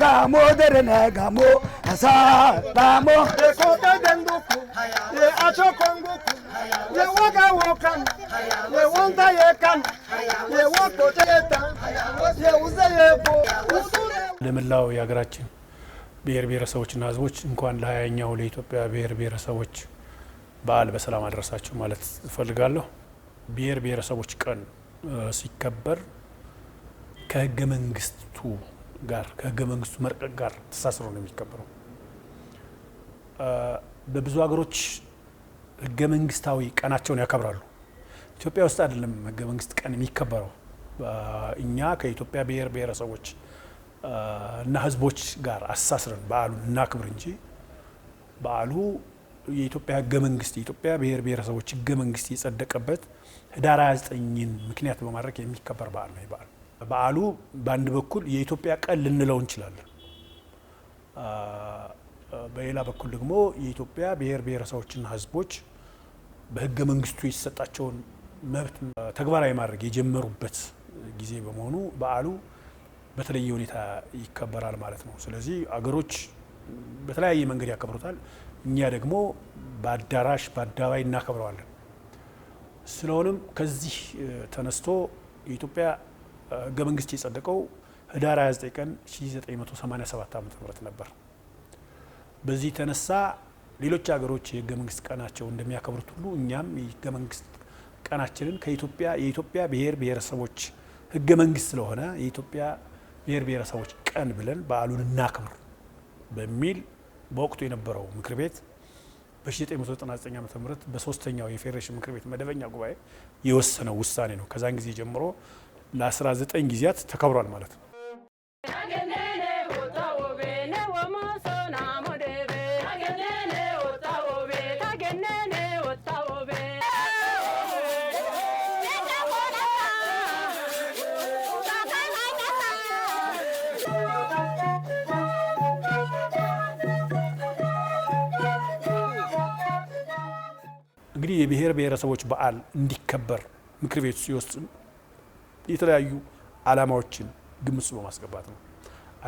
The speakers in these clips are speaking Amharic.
ದಾಮೋದರನ ಗಾಮೋ ಹಸ ದಾಮೋ ಕೋಟದಂದುಕು ಅಚೋಕೊಂಗುಕು ಯವಾಗ ಓಕನ್ ಯವಂತ ಏಕನ್ ಯವಂತ ለመላው የሀገራችን ብሔር ብሔረሰቦችና ሕዝቦች እንኳን ለሀያኛው ለኢትዮጵያ ብሔር ብሔረሰቦች በዓል በሰላም አደረሳችሁ ማለት እፈልጋለሁ። ብሔር ብሔረሰቦች ቀን ሲከበር ከህገ መንግስቱ ጋር ከህገ መንግስቱ መርቀቅ ጋር ተሳስሮ ነው የሚከበረው። በብዙ ሀገሮች ህገ መንግስታዊ ቀናቸውን ያከብራሉ። ኢትዮጵያ ውስጥ አይደለም ህገ መንግስት ቀን የሚከበረው። እኛ ከኢትዮጵያ ብሔር ብሔረሰቦች እና ህዝቦች ጋር አሳስረን በዓሉን እናክብር እንጂ በዓሉ የኢትዮጵያ ህገ መንግስት የኢትዮጵያ ብሔር ብሔረሰቦች ህገ መንግስት የጸደቀበት ህዳር 29ን ምክንያት በማድረግ የሚከበር በዓል ነው። በዓል በዓሉ በአንድ በኩል የኢትዮጵያ ቀን ልንለው እንችላለን። በሌላ በኩል ደግሞ የኢትዮጵያ ብሔር ብሔረሰቦችና ህዝቦች በህገ መንግስቱ የተሰጣቸውን መብት ተግባራዊ ማድረግ የጀመሩበት ጊዜ በመሆኑ በዓሉ በተለየ ሁኔታ ይከበራል ማለት ነው። ስለዚህ አገሮች በተለያየ መንገድ ያከብሩታል። እኛ ደግሞ በአዳራሽ በአደባባይ እናከብረዋለን። ስለሆነም ከዚህ ተነስቶ የኢትዮጵያ ህገ መንግስት የጸደቀው ህዳር 29 ቀን 1987 ዓ ም ነበር። በዚህ የተነሳ ሌሎች ሀገሮች የህገ መንግስት ቀናቸው እንደሚያከብሩት ሁሉ እኛም የህገ መንግስት ቀናችንን ከኢትዮጵያ የኢትዮጵያ ብሔር ብሔረሰቦች ህገ መንግስት ስለሆነ የኢትዮጵያ ብሔር ብሔረሰቦች ቀን ብለን በዓሉን እናክብር በሚል በወቅቱ የነበረው ምክር ቤት በ1999 ዓ ም በሶስተኛው የፌዴሬሽን ምክር ቤት መደበኛ ጉባኤ የወሰነው ውሳኔ ነው። ከዛን ጊዜ ጀምሮ ለ19 ጊዜያት ተከብሯል ማለት ነው። እንግዲህ የብሔር ብሔረሰቦች በዓል እንዲከበር ምክር ቤቱ ሲወስን የተለያዩ ዓላማዎችን ግምት በማስገባት ነው።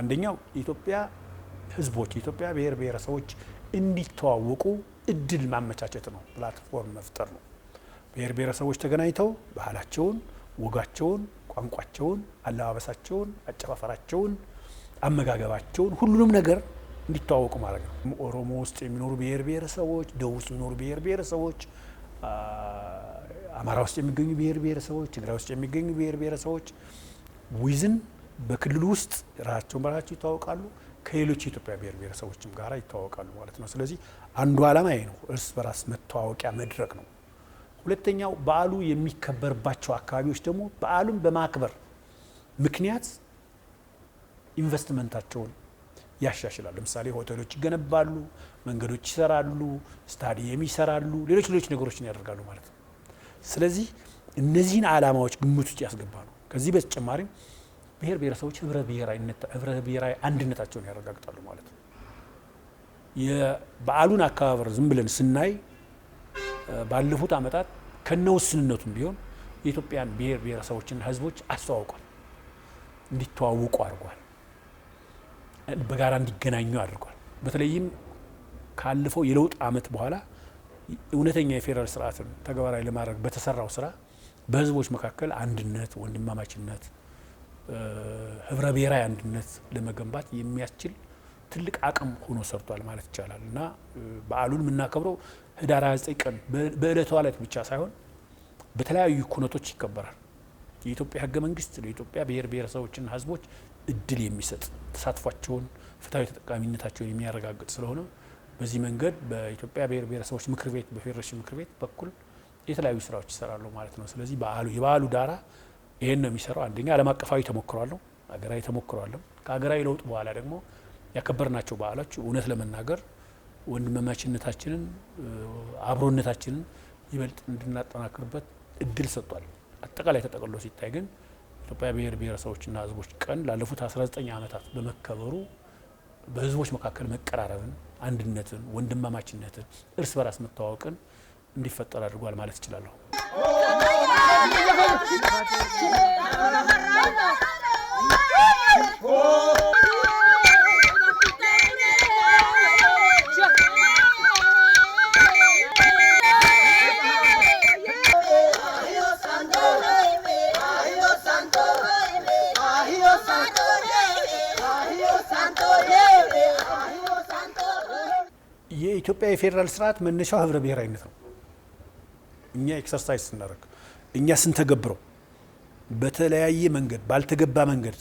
አንደኛው የኢትዮጵያ ህዝቦች የኢትዮጵያ ብሔር ብሔረሰቦች እንዲተዋወቁ እድል ማመቻቸት ነው፣ ፕላትፎርም መፍጠር ነው። ብሔር ብሔረሰቦች ተገናኝተው ባህላቸውን፣ ወጋቸውን፣ ቋንቋቸውን፣ አለባበሳቸውን፣ አጨፋፈራቸውን፣ አመጋገባቸውን ሁሉንም ነገር እንዲተዋወቁ ማድረግ ነው። ኦሮሞ ውስጥ የሚኖሩ ብሔር ብሔረሰቦች፣ ደቡብ ውስጥ የሚኖሩ ብሔር ብሔረሰቦች አማራ ውስጥ የሚገኙ ብሔር ብሔረሰቦች፣ ትግራይ ውስጥ የሚገኙ ብሔር ብሔረሰቦች ዊዝን በክልሉ ውስጥ ራሳቸውን በራሳቸው ይተዋወቃሉ ከሌሎች የኢትዮጵያ ብሔር ብሔረሰቦችም ጋር ይተዋወቃሉ ማለት ነው። ስለዚህ አንዱ ዓላማ ይሄ ነው፣ እርስ በራስ መተዋወቂያ መድረክ ነው። ሁለተኛው በዓሉ የሚከበርባቸው አካባቢዎች ደግሞ በዓሉን በማክበር ምክንያት ኢንቨስትመንታቸውን ያሻሽላል። ለምሳሌ ሆቴሎች ይገነባሉ፣ መንገዶች ይሰራሉ፣ ስታዲየም ይሰራሉ፣ ሌሎች ሌሎች ነገሮችን ያደርጋሉ ማለት ነው። ስለዚህ እነዚህን ዓላማዎች ግምት ውስጥ ያስገባሉ ከዚህ በተጨማሪም ብሔር ብሔረሰቦች ህብረ ብሔራዊ አንድነታቸውን ያረጋግጣሉ ማለት ነው። የበዓሉን አከባበር ዝም ብለን ስናይ ባለፉት ዓመታት ከነ ውስንነቱም ቢሆን የኢትዮጵያን ብሔር ብሔረሰቦችና ህዝቦች አስተዋውቋል፣ እንዲተዋወቁ አድርጓል። በጋራ እንዲገናኙ አድርጓል። በተለይም ካለፈው የለውጥ አመት በኋላ እውነተኛ የፌዴራል ስርዓትን ተግባራዊ ለማድረግ በተሰራው ስራ በህዝቦች መካከል አንድነት፣ ወንድማማችነት፣ ህብረ ብሔራዊ አንድነት ለመገንባት የሚያስችል ትልቅ አቅም ሆኖ ሰርቷል ማለት ይቻላል እና በዓሉን የምናከብረው ህዳር 29 ቀን በእለቱ ዕለት ብቻ ሳይሆን በተለያዩ ኩነቶች ይከበራል። የኢትዮጵያ ህገ መንግስት ለኢትዮጵያ ብሔር ብሔረሰቦችና ህዝቦች እድል የሚሰጥ ተሳትፏቸውን፣ ፍትሐዊ ተጠቃሚነታቸውን የሚያረጋግጥ ስለሆነ በዚህ መንገድ በኢትዮጵያ ብሔር ብሔረሰቦች ምክር ቤት በፌዴሬሽን ምክር ቤት በኩል የተለያዩ ስራዎች ይሰራሉ ማለት ነው። ስለዚህ በዓሉ የበዓሉ ዳራ ይህን ነው የሚሰራው። አንደኛ ዓለም አቀፋዊ ተሞክሯለሁ፣ ሀገራዊ ተሞክሯለሁ። ከሀገራዊ ለውጥ በኋላ ደግሞ ያከበርናቸው በዓሎች እውነት ለመናገር ወንድማማችነታችንን አብሮነታችንን ይበልጥ እንድናጠናክርበት እድል ሰጥቷል። አጠቃላይ ተጠቅሎ ሲታይ ግን የኢትዮጵያ ብሔር ብሔረሰቦችና ህዝቦች ቀን ላለፉት 19 ዓመታት በመከበሩ በህዝቦች መካከል መቀራረብን፣ አንድነትን፣ ወንድማማችነትን፣ እርስ በራስ መተዋወቅን እንዲፈጠር አድርጓል ማለት እችላለሁ። የኢትዮጵያ የፌዴራል ስርዓት መነሻው ህብረ ብሔራዊነት ነው። እኛ ኤክሰርሳይዝ ስናደርግ እኛ ስንተገብረው በተለያየ መንገድ ባልተገባ መንገድ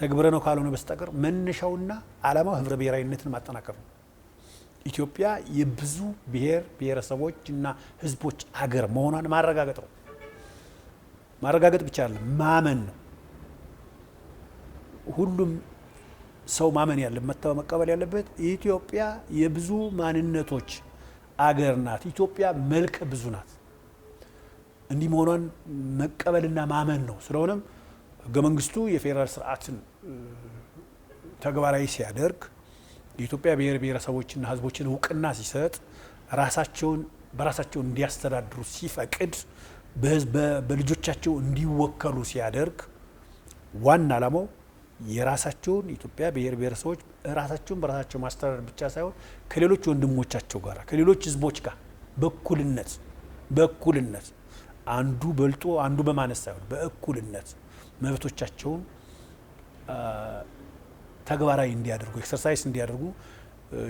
ተግብረ ነው ካልሆነ በስተቀር መነሻውና አላማው ህብረ ብሔራዊነትን ማጠናከር ነው። ኢትዮጵያ የብዙ ብሔር ብሔረሰቦች እና ህዝቦች ሀገር መሆኗን ማረጋገጥ ነው። ማረጋገጥ ብቻ አይደለም ማመን ነው። ሁሉም ሰው ማመን ያለበት መተው መቀበል ያለበት ኢትዮጵያ የብዙ ማንነቶች አገር ናት። ኢትዮጵያ መልክ ብዙ ናት። እንዲህ መሆኗን መቀበልና ማመን ነው። ስለሆነም ህገ መንግስቱ የፌዴራል ስርዓትን ተግባራዊ ሲያደርግ የኢትዮጵያ ብሔር ብሔረሰቦችና ህዝቦችን እውቅና ሲሰጥ ራሳቸውን በራሳቸው እንዲያስተዳድሩ ሲፈቅድ በልጆቻቸው እንዲወከሉ ሲያደርግ ዋና ዓላማው የራሳቸውን ኢትዮጵያ ብሔር ብሔረሰቦች ራሳቸውን በራሳቸው ማስተዳደር ብቻ ሳይሆን ከሌሎች ወንድሞቻቸው ጋር ከሌሎች ህዝቦች ጋር በእኩልነት በእኩልነት አንዱ በልጦ አንዱ በማነስ ሳይሆን በእኩልነት መብቶቻቸውን ተግባራዊ እንዲያደርጉ ኤክሰርሳይዝ እንዲያደርጉ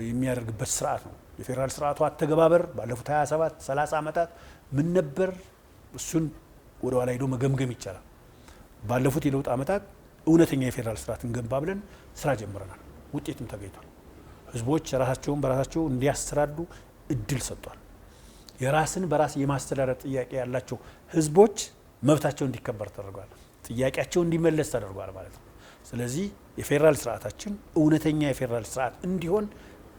የሚያደርግበት ስርዓት ነው። የፌዴራል ስርዓቱ አተገባበር ባለፉት 27 30 ዓመታት ምን ነበር? እሱን ወደ ኋላ ሄዶ መገምገም ይቻላል። ባለፉት የለውጥ ዓመታት እውነተኛ የፌዴራል ስርዓት እንገንባ ብለን ስራ ጀምረናል። ውጤትም ተገኝቷል። ህዝቦች ራሳቸውን በራሳቸው እንዲያስተዳድሩ እድል ሰጥቷል። የራስን በራስ የማስተዳደር ጥያቄ ያላቸው ህዝቦች መብታቸው እንዲከበር ተደርጓል። ጥያቄያቸው እንዲመለስ ተደርጓል ማለት ነው። ስለዚህ የፌዴራል ስርዓታችን እውነተኛ የፌዴራል ስርዓት እንዲሆን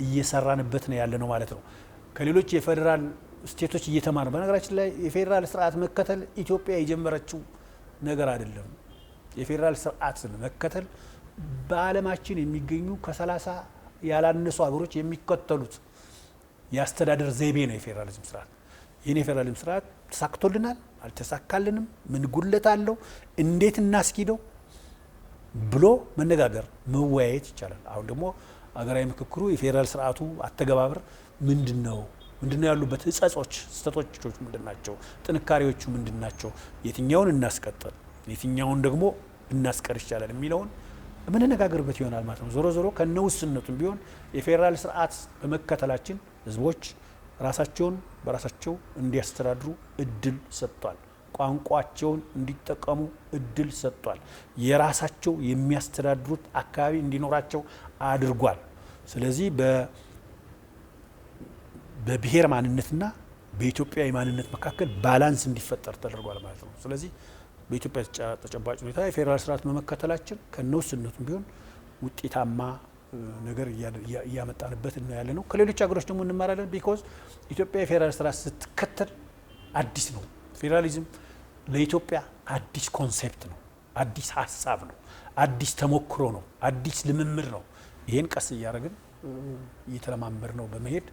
እየሰራንበት ነው ያለ ነው ማለት ነው። ከሌሎች የፌዴራል ስቴቶች እየተማር በነገራችን ላይ የፌዴራል ስርዓት መከተል ኢትዮጵያ የጀመረችው ነገር አይደለም። የፌዴራል ስርዓት መከተል በዓለማችን የሚገኙ ከሰላሳ ያላነሱ ሀገሮች የሚከተሉት የአስተዳደር ዘይቤ ነው የፌዴራሊዝም ስርዓት። ይህን የፌዴራሊዝም ስርዓት ተሳክቶልናል፣ አልተሳካልንም፣ ምን ጉለት አለው፣ እንዴት እናስኪደው ብሎ መነጋገር መወያየት ይቻላል። አሁን ደግሞ አገራዊ ምክክሩ የፌዴራል ስርዓቱ አተገባበር ምንድን ነው ምንድነው ያሉበት እጸጾች፣ ስህተቶች ምንድን ናቸው? ጥንካሬዎቹ ምንድን ናቸው? የትኛውን እናስቀጥል የትኛውን ደግሞ እናስቀር ይቻላል የሚለውን የምንነጋገርበት ይሆናል ማለት ነው። ዞሮ ዞሮ ከነውስነቱም ቢሆን የፌዴራል ስርዓት በመከተላችን ህዝቦች ራሳቸውን በራሳቸው እንዲያስተዳድሩ እድል ሰጥቷል። ቋንቋቸውን እንዲጠቀሙ እድል ሰጥቷል። የራሳቸው የሚያስተዳድሩት አካባቢ እንዲኖራቸው አድርጓል። ስለዚህ በብሔር ማንነትና በኢትዮጵያዊ ማንነት መካከል ባላንስ እንዲፈጠር ተደርጓል ማለት ነው። ስለዚህ በኢትዮጵያ ተጨባጭ ሁኔታ የፌዴራል ስርዓት መመከተላችን ከነውስነቱም ቢሆን ውጤታማ ነገር እያመጣንበት እና ያለ ነው። ከሌሎች ሀገሮች ደግሞ እንማራለን። ቢኮዝ ኢትዮጵያ የፌዴራል ስርዓት ስትከተል አዲስ ነው። ፌዴራሊዝም ለኢትዮጵያ አዲስ ኮንሴፕት ነው፣ አዲስ ሀሳብ ነው፣ አዲስ ተሞክሮ ነው፣ አዲስ ልምምድ ነው። ይህን ቀስ እያደረግን እየተለማመድ ነው በመሄድ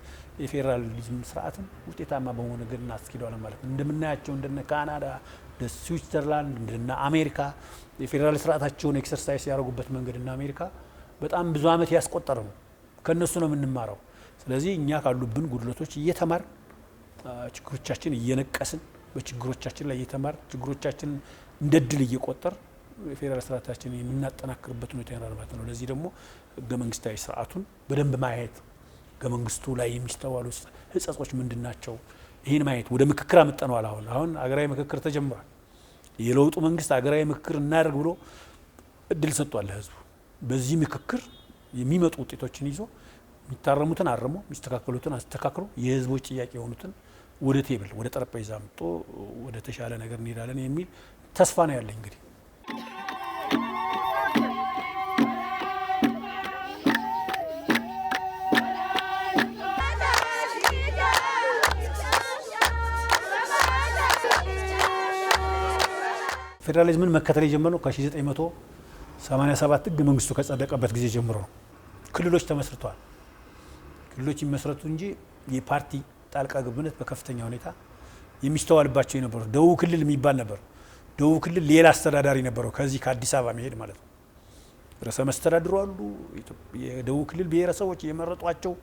የፌዴራሊዝም ስርዓትን ውጤታማ በመሆን ግን እናስኪደዋለን ማለት ነው። እንደምናያቸው እንደነ ካናዳ፣ እንደ ስዊትዘርላንድ እንደ አሜሪካ የፌዴራል ስርዓታቸውን ኤክሰርሳይዝ ያደረጉበት መንገድ እና አሜሪካ በጣም ብዙ አመት ያስቆጠረ ነው። ከእነሱ ነው የምንማረው። ስለዚህ እኛ ካሉብን ጉድለቶች እየተማር ችግሮቻችን እየነቀስን በችግሮቻችን ላይ እየተማር ችግሮቻችን እንደ ድል እየቆጠር የፌዴራል ስርዓታችን የምናጠናክርበት ሁኔታ ይኖራል ማለት ነው። ለዚህ ደግሞ ህገ መንግስታዊ ስርዓቱን በደንብ ማየት፣ ህገ መንግስቱ ላይ የሚስተዋሉ ህጸጾች ምንድን ናቸው? ይህን ማየት ወደ ምክክር አመጠነዋል። አሁን አሁን ሀገራዊ ምክክር ተጀምሯል። የለውጡ መንግስት አገራዊ ምክክር እናደርግ ብሎ እድል ሰጥቷል ለህዝቡ። በዚህ ምክክር የሚመጡ ውጤቶችን ይዞ የሚታረሙትን አርሞ የሚስተካከሉትን አስተካክሎ የህዝቦች ጥያቄ የሆኑትን ወደ ቴብል ወደ ጠረጴዛ አምጥቶ ወደ ተሻለ ነገር እንሄዳለን የሚል ተስፋ ነው ያለኝ እንግዲህ ፌዴራሊዝምን መከተል የጀመርነው ከ1987 ህገ መንግስቱ ከጸደቀበት ጊዜ ጀምሮ ነው። ክልሎች ተመስርተዋል። ክልሎች ይመስረቱ እንጂ የፓርቲ ጣልቃ ግብነት በከፍተኛ ሁኔታ የሚስተዋልባቸው የነበሩ ደቡብ ክልል የሚባል ነበር። ደቡብ ክልል ሌላ አስተዳዳሪ ነበረው ከዚህ ከአዲስ አበባ መሄድ ማለት ነው። ርዕሰ መስተዳድሩ አሉ፣ የደቡብ ክልል ብሔረሰቦች የመረጧቸው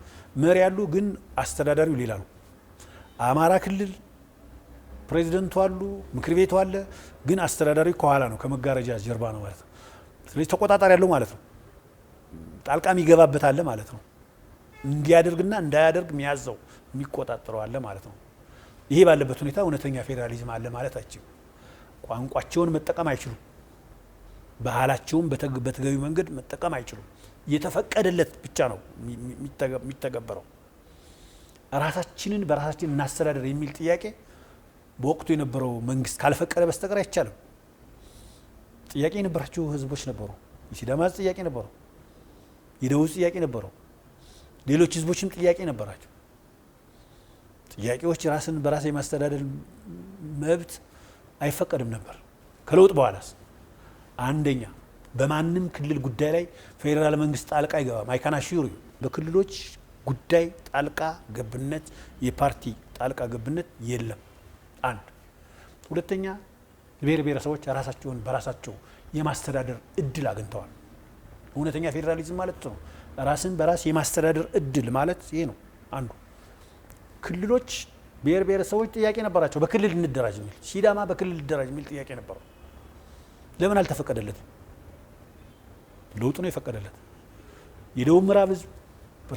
መሪ አሉ፣ ግን አስተዳዳሪው ሌላ ነው። አማራ ክልል ፕሬዚደንቱ አሉ፣ ምክር ቤቱ አለ። ግን አስተዳዳሪ ከኋላ ነው፣ ከመጋረጃ ጀርባ ነው ማለት ነው። ስለዚህ ተቆጣጣሪ ያለው ማለት ነው። ጣልቃም የሚገባበት ማለት ነው። እንዲያደርግና እንዳያደርግ የሚያዘው የሚቆጣጠረው አለ ማለት ነው። ይሄ ባለበት ሁኔታ እውነተኛ ፌዴራሊዝም አለ ማለት አይችልም። ቋንቋቸውን መጠቀም አይችሉም። ባህላቸውን በተገቢ መንገድ መጠቀም አይችሉም። የተፈቀደለት ብቻ ነው የሚተገበረው። ራሳችንን በራሳችን እናስተዳደር የሚል ጥያቄ በወቅቱ የነበረው መንግስት ካልፈቀደ በስተቀር አይቻልም። ጥያቄ የነበራቸው ህዝቦች ነበሩ። የሲዳማ ጥያቄ ነበረው፣ የደቡብ ጥያቄ ነበረው፣ ሌሎች ህዝቦችም ጥያቄ ነበራቸው። ጥያቄዎች ራስን በራስ የማስተዳደር መብት አይፈቀድም ነበር። ከለውጥ በኋላስ አንደኛ በማንም ክልል ጉዳይ ላይ ፌዴራል መንግስት ጣልቃ አይገባም። አይካና በክልሎች ጉዳይ ጣልቃ ገብነት የፓርቲ ጣልቃ ገብነት የለም። አንድ ሁለተኛ ብሔር ብሔረሰቦች ራሳቸውን በራሳቸው የማስተዳደር እድል አግኝተዋል። እውነተኛ ፌዴራሊዝም ማለት ነው። ራስን በራስ የማስተዳደር እድል ማለት ይሄ ነው አንዱ። ክልሎች ብሔር ብሔረሰቦች ጥያቄ ነበራቸው፣ በክልል እንደራጅ የሚል ሲዳማ በክልል እንደራጅ የሚል ጥያቄ ነበረው። ለምን አልተፈቀደለትም? ለውጡ ነው የፈቀደለት። የደቡብ ምዕራብ ህዝብ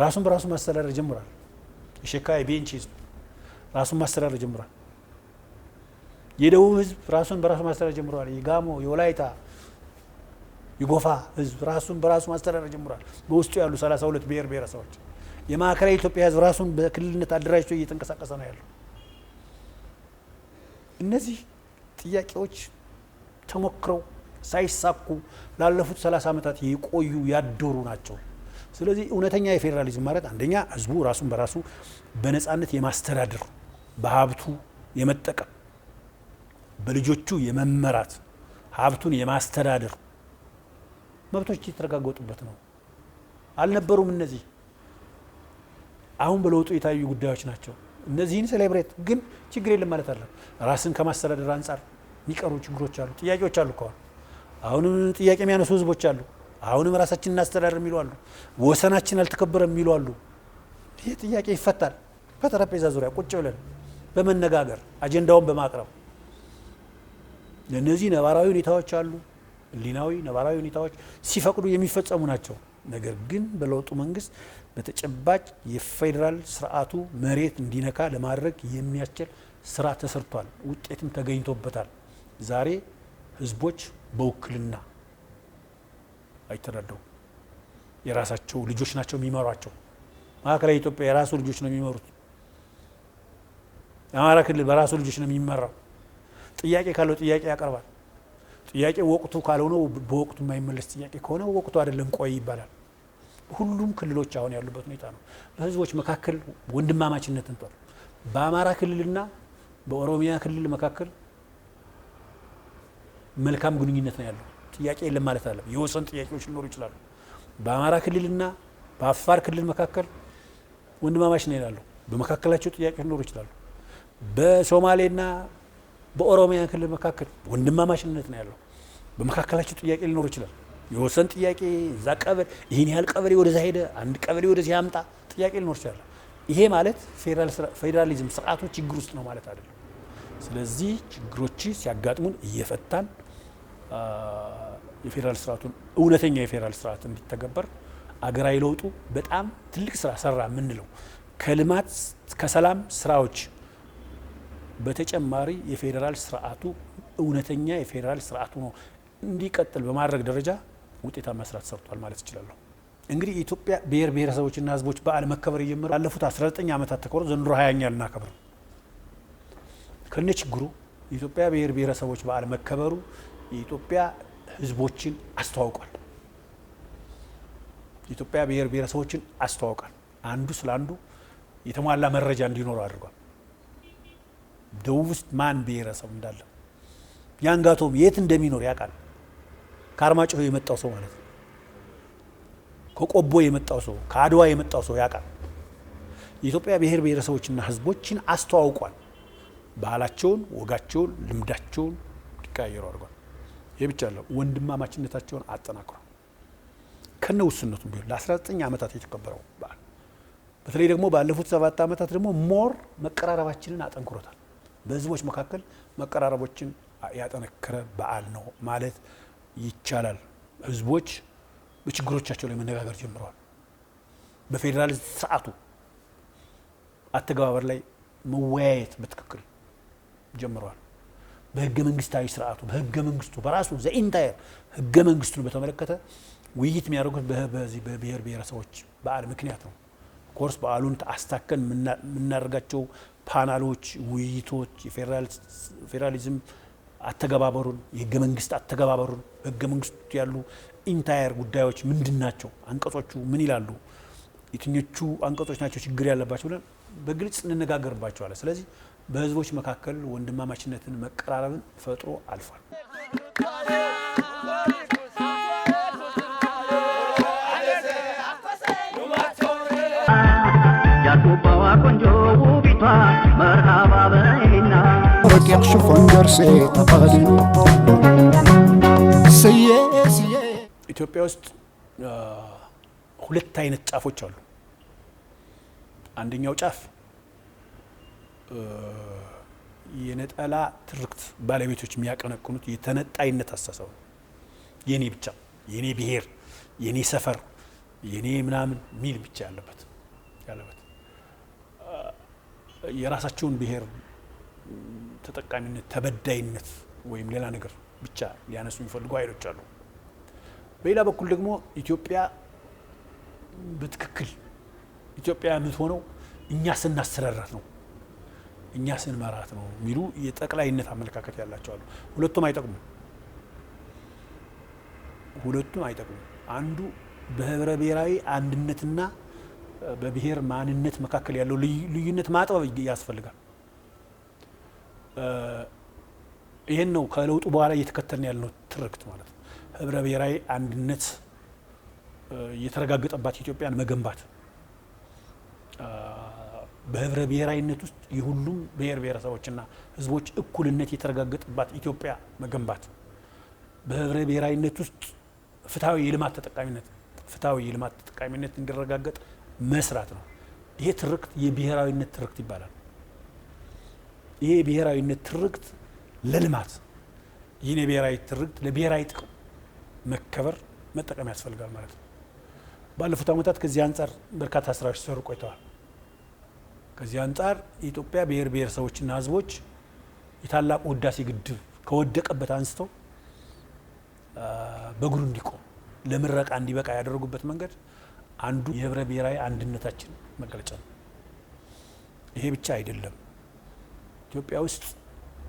ራሱን በራሱ ማስተዳደር ጀምሯል። የሸካ የቤንች ህዝብ ራሱን ማስተዳደር ጀምሯል። የደቡብ ህዝብ ራሱን በራሱ ማስተዳደር ጀምረዋል። የጋሞ፣ የወላይታ፣ የጎፋ ህዝብ ራሱን በራሱ ማስተዳደር ጀምረዋል። በውስጡ ያሉ ሰላሳ ሁለት ብሔር ብሔረሰቦች የማዕከላዊ ኢትዮጵያ ህዝብ ራሱን በክልልነት አደራጅቶ እየተንቀሳቀሰ ነው ያለው። እነዚህ ጥያቄዎች ተሞክረው ሳይሳኩ ላለፉት ሰላሳ ዓመታት የቆዩ ያደሩ ናቸው። ስለዚህ እውነተኛ የፌዴራሊዝም ማለት አንደኛ ህዝቡ ራሱን በራሱ በነፃነት የማስተዳደር በሀብቱ የመጠቀም በልጆቹ የመመራት ሀብቱን የማስተዳደር መብቶች የተረጋገጡበት ነው። አልነበሩም እነዚህ አሁን በለውጡ የታዩ ጉዳዮች ናቸው። እነዚህን ሴሌብሬት ግን ችግር የለም ማለት አለ። ራስን ከማስተዳደር አንጻር የሚቀሩ ችግሮች አሉ፣ ጥያቄዎች አሉ። ከሆነ አሁንም ጥያቄ የሚያነሱ ህዝቦች አሉ። አሁንም ራሳችን እናስተዳደር የሚሉ አሉ። ወሰናችን አልተከበረም የሚሉ አሉ። ይህ ጥያቄ ይፈታል በጠረጴዛ ዙሪያ ቁጭ ብለን በመነጋገር አጀንዳውን በማቅረብ እነዚህ ነባራዊ ሁኔታዎች አሉ። ህሊናዊ ነባራዊ ሁኔታዎች ሲፈቅዱ የሚፈጸሙ ናቸው። ነገር ግን በለውጡ መንግስት በተጨባጭ የፌዴራል ስርዓቱ መሬት እንዲነካ ለማድረግ የሚያስችል ስራ ተሰርቷል፣ ውጤትም ተገኝቶበታል። ዛሬ ህዝቦች በውክልና አይተዳደሩም። የራሳቸው ልጆች ናቸው የሚመሯቸው። ማዕከላዊ ኢትዮጵያ የራሱ ልጆች ነው የሚመሩት። የአማራ ክልል በራሱ ልጆች ነው የሚመራው። ጥያቄ ካለው ጥያቄ ያቀርባል። ጥያቄ ወቅቱ ካልሆነ በወቅቱ የማይመለስ ጥያቄ ከሆነ ወቅቱ አይደለም ቆይ ይባላል። ሁሉም ክልሎች አሁን ያሉበት ሁኔታ ነው። በህዝቦች መካከል ወንድማማችነትን ጦር በአማራ ክልልና በኦሮሚያ ክልል መካከል መልካም ግንኙነት ነው ያለው። ጥያቄ የለም ማለት አለም የወሰን ጥያቄዎች ሊኖሩ ይችላሉ። በአማራ ክልልና በአፋር ክልል መካከል ወንድማማች ነው ይላሉ። በመካከላቸው ጥያቄ ሊኖሩ ይችላሉ። በሶማሌና በኦሮሚያ ክልል መካከል ወንድማማችነት ነው ያለው። በመካከላቸው ጥያቄ ሊኖር ይችላል። የወሰን ጥያቄ እዛ ቀበሌ ይህን ያህል ቀበሌ ወደዛ ሄደ፣ አንድ ቀበሌ ወደዚህ ያምጣ ጥያቄ ሊኖር ይችላል። ይሄ ማለት ፌዴራሊዝም ስርዓቱ ችግር ውስጥ ነው ማለት አይደለም። ስለዚህ ችግሮች ሲያጋጥሙን እየፈታን የፌዴራል ስርዓቱን እውነተኛ የፌዴራል ስርዓት እንዲተገበር አገራዊ ለውጡ በጣም ትልቅ ስራ ሰራ የምንለው ከልማት ከሰላም ስራዎች በተጨማሪ የፌዴራል ስርዓቱ እውነተኛ የፌዴራል ስርዓቱ ነው እንዲቀጥል በማድረግ ደረጃ ውጤታማ ስራ ተሰርቷል ማለት እችላለሁ። እንግዲህ የኢትዮጵያ ብሔር ብሔረሰቦችና ህዝቦች በዓል መከበር የጀመረው ላለፉት 19 ዓመታት ተከብሮ ዘንድሮ ሀያኛ ልናከብር ከነ ችግሩ የኢትዮጵያ ብሔር ብሔረሰቦች በዓል መከበሩ የኢትዮጵያ ህዝቦችን አስተዋውቋል። የኢትዮጵያ ብሔር ብሔረሰቦችን አስተዋውቃል። አንዱ ስለ አንዱ የተሟላ መረጃ እንዲኖረው አድርጓል። ደቡብ ውስጥ ማን ብሔረሰብ እንዳለ ያንጋቶም የት እንደሚኖር ያውቃል። ከአርማጭሆ የመጣው ሰው ማለት ነው። ከቆቦ የመጣው ሰው፣ ከአድዋ የመጣው ሰው ያውቃል። የኢትዮጵያ ብሔር ብሔረሰቦችና ህዝቦችን አስተዋውቋል። ባህላቸውን፣ ወጋቸውን፣ ልምዳቸውን እንዲቀያየሩ አድርጓል። ይህ ብቻ ወንድማ ወንድማማችነታቸውን አጠናክሯል። ከነ ውስነቱም ቢሆን ለ19 ዓመታት የተከበረው በዓል በተለይ ደግሞ ባለፉት ሰባት ዓመታት ደግሞ ሞር መቀራረባችንን አጠንክሮታል። በህዝቦች መካከል መቀራረቦችን ያጠነከረ በዓል ነው ማለት ይቻላል። ህዝቦች በችግሮቻቸው ላይ መነጋገር ጀምረዋል። በፌዴራል ስርዓቱ አተገባበር ላይ መወያየት በትክክል ጀምረዋል። በህገ መንግስታዊ ስርዓቱ በህገ መንግስቱ በራሱ ዘኢንታየር ህገ መንግስቱን በተመለከተ ውይይት የሚያደርጉት በዚህ በብሔር ብሔረሰቦች በዓል ምክንያት ነው። ኮርስ በዓሉን አስታከን የምናደርጋቸው ፓናሎች፣ ውይይቶች፣ የፌዴራሊዝም አተገባበሩን፣ የህገ መንግስት አተገባበሩን፣ በህገ መንግስቱ ያሉ ኢንታየር ጉዳዮች ምንድን ናቸው? አንቀጾቹ ምን ይላሉ? የትኞቹ አንቀጾች ናቸው ችግር ያለባቸው ብለን በግልጽ እንነጋገርባቸዋለን። ስለዚህ በህዝቦች መካከል ወንድማማችነትን መቀራረብን ፈጥሮ አልፏል። ዳርኩባዋ ቆንጆ ውቢቷ መርሃባ በይና ረቂቅ ሽፎን ደርሴ ስዬ ስዬ ኢትዮጵያ ውስጥ ሁለት አይነት ጫፎች አሉ። አንደኛው ጫፍ የነጠላ ትርክት ባለቤቶች የሚያቀነቅኑት የተነጣይነት አስተሳሰብ ነው። የኔ ብቻ፣ የኔ ብሔር፣ የኔ ሰፈር፣ የኔ ምናምን ሚል ብቻ ያለበት ያለበት የራሳቸውን ብሔር ተጠቃሚነት ተበዳይነት ወይም ሌላ ነገር ብቻ ሊያነሱ የሚፈልጉ ኃይሎች አሉ። በሌላ በኩል ደግሞ ኢትዮጵያ በትክክል ኢትዮጵያ የምትሆነው እኛ ስናስረራት ነው፣ እኛ ስንመራት ነው የሚሉ የጠቅላይነት አመለካከት ያላቸው አሉ። ሁለቱም አይጠቅሙም፣ ሁለቱም አይጠቅሙም። አንዱ በህብረ ብሔራዊ አንድነትና በብሔር ማንነት መካከል ያለው ልዩነት ማጥበብ ያስፈልጋል። ይህን ነው ከለውጡ በኋላ እየተከተልን ያለነው ትርክት ማለት ነው። ህብረ ብሔራዊ አንድነት የተረጋገጠባት ኢትዮጵያን መገንባት በህብረ ብሔራዊነት ውስጥ የሁሉም ብሔር ብሔረሰቦችና ህዝቦች እኩልነት የተረጋገጠባት ኢትዮጵያ መገንባት በህብረ ብሔራዊነት ውስጥ ፍትሐዊ የልማት ተጠቃሚነት ፍትሐዊ የልማት ተጠቃሚነት እንዲረጋገጥ መስራት ነው። ይሄ ትርክት የብሔራዊነት ትርክት ይባላል። ይሄ የብሔራዊነት ትርክት ለልማት ይህን የብሔራዊ ትርክት ለብሔራዊ ጥቅም መከበር መጠቀም ያስፈልጋል ማለት ነው። ባለፉት ዓመታት ከዚህ አንጻር በርካታ ስራዎች ሲሰሩ ቆይተዋል። ከዚህ አንጻር የኢትዮጵያ ብሔር ብሔረሰቦችና ሕዝቦች የታላቁ ሕዳሴ ግድብ ከወደቀበት አንስተው በእግሩ እንዲቆም ለምረቃ እንዲበቃ ያደረጉበት መንገድ አንዱ የህብረ ብሔራዊ አንድነታችን መገለጫ ነው። ይሄ ብቻ አይደለም። ኢትዮጵያ ውስጥ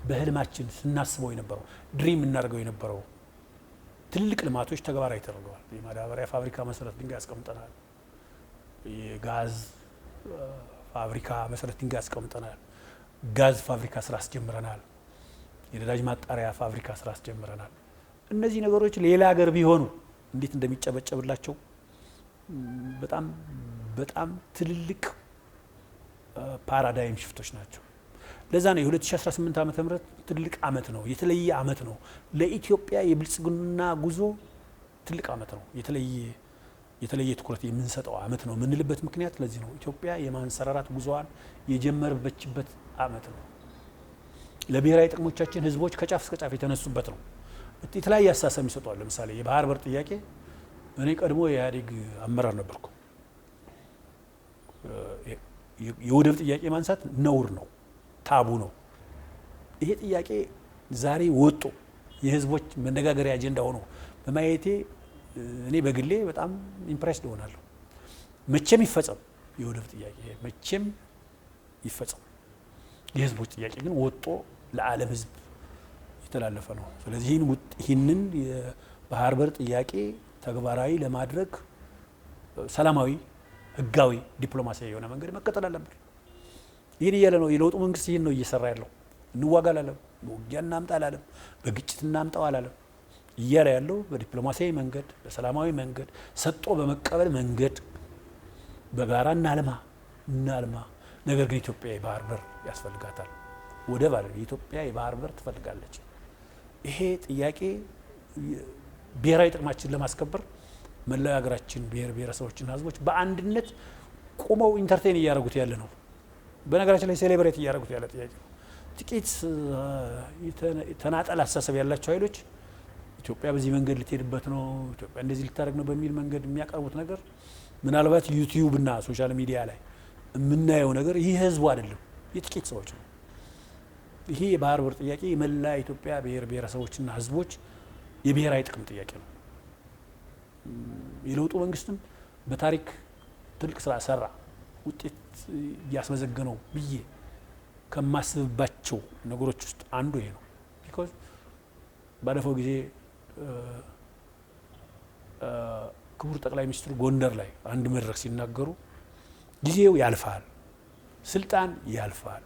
በህልማችን ስናስበው የነበረው ድሪም እናደርገው የነበረው ትልቅ ልማቶች ተግባራዊ ተደርገዋል። የማዳበሪያ ፋብሪካ መሰረት ድንጋይ አስቀምጠናል። የጋዝ ፋብሪካ መሰረት ድንጋይ አስቀምጠናል። ጋዝ ፋብሪካ ስራ አስጀምረናል። የነዳጅ ማጣሪያ ፋብሪካ ስራ አስጀምረናል። እነዚህ ነገሮች ሌላ ሀገር ቢሆኑ እንዴት እንደሚጨበጨብላቸው በጣም በጣም ትልልቅ ፓራዳይም ሽፍቶች ናቸው። ለዛ ነው የ2018 ዓ ም ትልቅ አመት ነው፣ የተለየ አመት ነው ለኢትዮጵያ የብልጽግና ጉዞ ትልቅ አመት ነው፣ የተለየ የተለየ ትኩረት የምንሰጠው አመት ነው የምንልበት ምክንያት ለዚህ ነው። ኢትዮጵያ የማንሰራራት ጉዞዋን የጀመረበችበት አመት ነው። ለብሔራዊ ጥቅሞቻችን ህዝቦች ከጫፍ እስከ ጫፍ የተነሱበት ነው። የተለያየ አሳሰብ ይሰጠዋል። ለምሳሌ የባህር በር ጥያቄ እኔ ቀድሞ የኢህአዴግ አመራር ነበርኩ። የወደብ ጥያቄ ማንሳት ነውር ነው፣ ታቡ ነው። ይሄ ጥያቄ ዛሬ ወጡ የህዝቦች መነጋገሪያ አጀንዳ ሆኖ በማየቴ እኔ በግሌ በጣም ኢምፕሬስድ እሆናለሁ። መቼም ይፈጸም የወደብ ጥያቄ መቼም ይፈጸም። የህዝቦች ጥያቄ ግን ወጦ ለዓለም ህዝብ የተላለፈ ነው። ስለዚህ ይህንን የባህር በር ጥያቄ ተግባራዊ ለማድረግ ሰላማዊ፣ ህጋዊ፣ ዲፕሎማሲያዊ የሆነ መንገድ መቀጠል አለበት። ይህን እያለ ነው የለውጡ መንግስት ይህን ነው እየሰራ ያለው። እንዋጋ አላለም፣ በውጊያ እናምጣ አላለም፣ በግጭት እናምጣው አላለም። እያለ ያለው በዲፕሎማሲያዊ መንገድ፣ በሰላማዊ መንገድ፣ ሰጥቶ በመቀበል መንገድ በጋራ እናልማ እናልማ። ነገር ግን ኢትዮጵያ የባህር በር ያስፈልጋታል። ወደብ የኢትዮጵያ የባህር በር ትፈልጋለች። ይሄ ጥያቄ ብሔራዊ ጥቅማችን ለማስከበር መላው ሀገራችን ብሔር ብሔረሰቦችና ህዝቦች በአንድነት ቁመው ኢንተርቴን እያደረጉት ያለ ነው። በነገራችን ላይ ሴሌብሬት እያደረጉት ያለ ጥያቄ ነው። ጥቂት ተናጠል አስተሳሰብ ያላቸው ኃይሎች ኢትዮጵያ በዚህ መንገድ ልትሄድበት ነው፣ ኢትዮጵያ እንደዚህ ልታደርግ ነው በሚል መንገድ የሚያቀርቡት ነገር ምናልባት ዩቲዩብ እና ሶሻል ሚዲያ ላይ የምናየው ነገር ይህ ህዝቡ አይደለም፣ የጥቂት ሰዎች ነው። ይሄ የባህር በር ጥያቄ የመላ ኢትዮጵያ ብሔር ብሔረሰቦችና ህዝቦች የብሔራዊ ጥቅም ጥያቄ ነው። የለውጡ መንግስትም በታሪክ ትልቅ ስራ ሰራ፣ ውጤት እያስመዘገነው ብዬ ከማስብባቸው ነገሮች ውስጥ አንዱ ይሄ ነው። ቢኮዝ ባለፈው ጊዜ ክቡር ጠቅላይ ሚኒስትሩ ጎንደር ላይ አንድ መድረክ ሲናገሩ ጊዜው ያልፋል፣ ስልጣን ያልፋል፣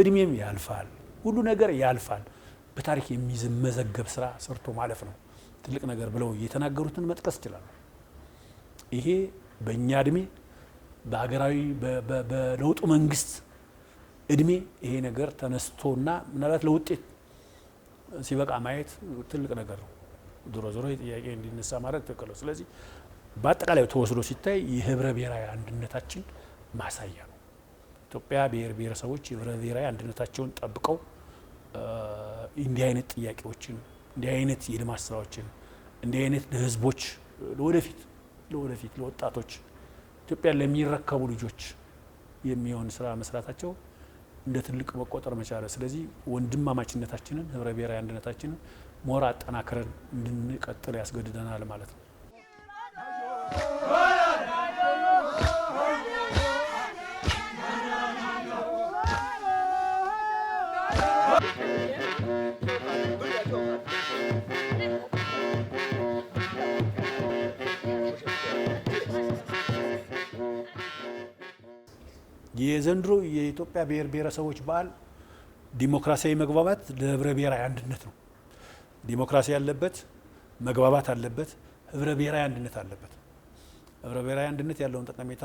እድሜም ያልፋል፣ ሁሉ ነገር ያልፋል በታሪክ የሚመዘገብ ስራ ሰርቶ ማለፍ ነው ትልቅ ነገር ብለው የተናገሩትን መጥቀስ ይችላሉ። ይሄ በእኛ እድሜ በሀገራዊ በለውጡ መንግስት እድሜ ይሄ ነገር ተነስቶና ምናልባት ለውጤት ሲበቃ ማየት ትልቅ ነገር ነው። ዞሮ ዞሮ ጥያቄ እንዲነሳ ማድረግ ትክክል ስለዚህ በአጠቃላይ ተወስዶ ሲታይ የህብረ ብሔራዊ አንድነታችን ማሳያ ነው። ኢትዮጵያ ብሔር ብሔረሰቦች የህብረ ብሔራዊ አንድነታቸውን ጠብቀው እንዲህ አይነት ጥያቄዎችን እንዲህ አይነት የልማት ስራዎችን እንዲህ አይነት ለህዝቦች ለወደፊት ለወደፊት ለወጣቶች ኢትዮጵያን ለሚረከቡ ልጆች የሚሆን ስራ መስራታቸው እንደ ትልቅ መቆጠር መቻለ። ስለዚህ ወንድማማችነታችንን ህብረ ብሔራዊ አንድነታችንን ሞራ አጠናክረን እንድንቀጥል ያስገድደናል ማለት ነው። የዘንድሮ የኢትዮጵያ ብሔር ብሔረሰቦች በዓል ዲሞክራሲያዊ መግባባት ለህብረ ብሔራዊ አንድነት ነው። ዲሞክራሲ ያለበት መግባባት አለበት፣ ህብረ ብሔራዊ አንድነት አለበት። ህብረ ብሔራዊ አንድነት ያለውን ጠቀሜታ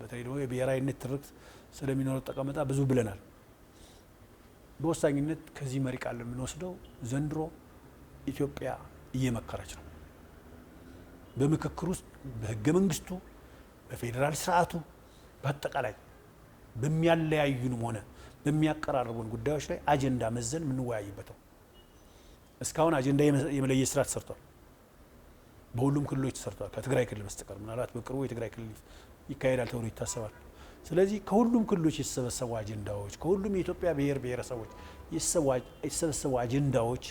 በተለይ ደግሞ የብሔራዊነት ትርክት ስለሚኖረው ጠቀሜታ ብዙ ብለናል። በወሳኝነት ከዚህ መሪ ቃል የምንወስደው ዘንድሮ ኢትዮጵያ እየመከረች ነው። በምክክር ውስጥ በህገ መንግስቱ፣ በፌዴራል ስርዓቱ በአጠቃላይ በሚያለያዩንም ሆነ በሚያቀራርቡን ጉዳዮች ላይ አጀንዳ መዘን የምንወያይበት ነው። እስካሁን አጀንዳ የመለየት ስራ ተሰርቷል። በሁሉም ክልሎች ተሰርቷል፣ ከትግራይ ክልል በስተቀር። ምናልባት በቅርቡ የትግራይ ክልል ይካሄዳል ተብሎ ይታሰባል። ስለዚህ ከሁሉም ክልሎች የተሰበሰቡ አጀንዳዎች፣ ከሁሉም የኢትዮጵያ ብሔር ብሔረሰቦች የተሰበሰቡ አጀንዳዎች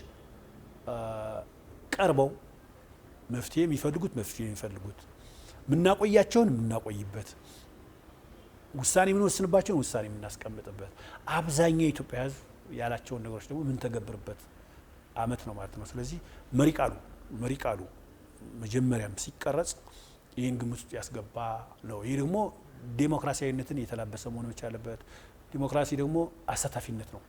ቀርበው መፍትሄ የሚፈልጉት መፍትሄ የሚፈልጉት ምናቆያቸውን የምናቆይበት ውሳኔ የምንወስንባቸውን ውሳኔ የምናስቀምጥበት አብዛኛው የኢትዮጵያ ህዝብ ያላቸውን ነገሮች ደግሞ የምንተገብርበት አመት ነው ማለት ነው። ስለዚህ መሪ ቃሉ መሪ ቃሉ መጀመሪያም ሲቀረጽ ይህን ግምት ውስጥ ያስገባ ነው። ይህ ደግሞ ዴሞክራሲያዊነትን የተላበሰ መሆን መቻለበት። ዲሞክራሲ ደግሞ አሳታፊነት ነው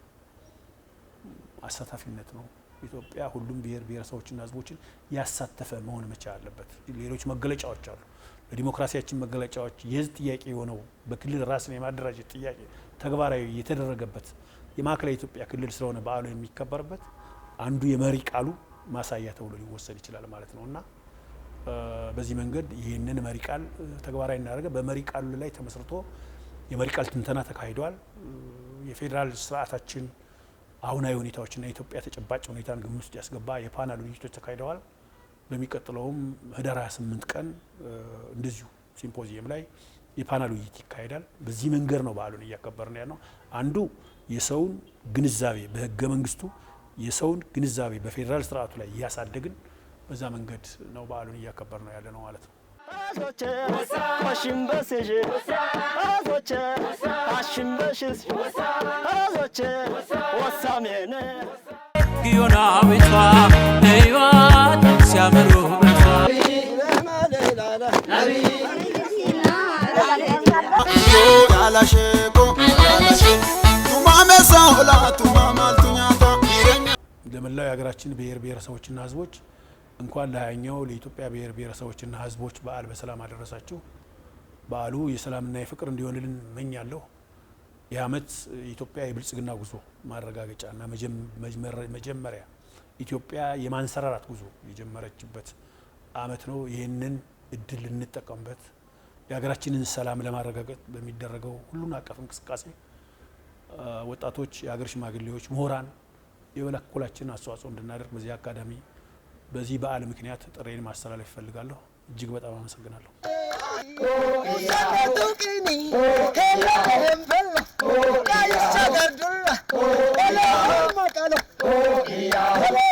አሳታፊነት ነው። ኢትዮጵያ ሁሉም ብሔር ብሔረሰቦችና ህዝቦችን ያሳተፈ መሆን መቻል አለበት። ሌሎች መገለጫዎች አሉ። በዲሞክራሲያችን መገለጫዎች የህዝብ ጥያቄ የሆነው በክልል ራስን የማደራጀት ጥያቄ ተግባራዊ የተደረገበት የማዕከላዊ ኢትዮጵያ ክልል ስለሆነ በዓሉ የሚከበርበት አንዱ የመሪ ቃሉ ማሳያ ተብሎ ሊወሰድ ይችላል ማለት ነው እና በዚህ መንገድ ይህንን መሪ ቃል ተግባራዊ እናደርገ በመሪ ቃሉ ላይ ተመስርቶ የመሪ ቃል ትንተና ተካሂዷል። የፌዴራል ስርዓታችን አሁናዊ ሁኔታዎችና የኢትዮጵያ ተጨባጭ ሁኔታን ግምት ውስጥ ያስገባ የፓናል ውይይቶች ተካሂደዋል። በሚቀጥለውም ህዳር 28 ቀን እንደዚሁ ሲምፖዚየም ላይ የፓናል ውይይት ይካሄዳል። በዚህ መንገድ ነው በዓሉን እያከበርን ያለው። አንዱ የሰውን ግንዛቤ በህገ መንግስቱ የሰውን ግንዛቤ በፌዴራል ስርዓቱ ላይ እያሳደግን በዛ መንገድ ነው በአሉን እያከበር ነው ያለ ነው ማለት ነው። ጊዮናዊቷ ሲያምሩ ለመላው የሀገራችን ብሔር ብሔረሰቦችና ህዝቦች እንኳን ለሀያኛው ለኢትዮጵያ ብሔር ብሔረሰቦችና ህዝቦች በዓል በሰላም አደረሳችሁ። በዓሉ የሰላምና የፍቅር እንዲሆንልን እመኛለሁ። የዓመት የኢትዮጵያ የብልጽግና ጉዞ ማረጋገጫና መጀመሪያ ኢትዮጵያ የማንሰራራት ጉዞ የጀመረችበት አመት ነው። ይህንን እድል ልንጠቀምበት የሀገራችንን ሰላም ለማረጋገጥ በሚደረገው ሁሉን አቀፍ እንቅስቃሴ ወጣቶች፣ የሀገር ሽማግሌዎች፣ ምሁራን የበኩላችንን አስተዋጽኦ እንድናደርግ በዚህ አካዳሚ በዚህ በዓል ምክንያት ጥሬን ማስተላለፍ ይፈልጋለሁ። እጅግ በጣም አመሰግናለሁ። ቱቅኒ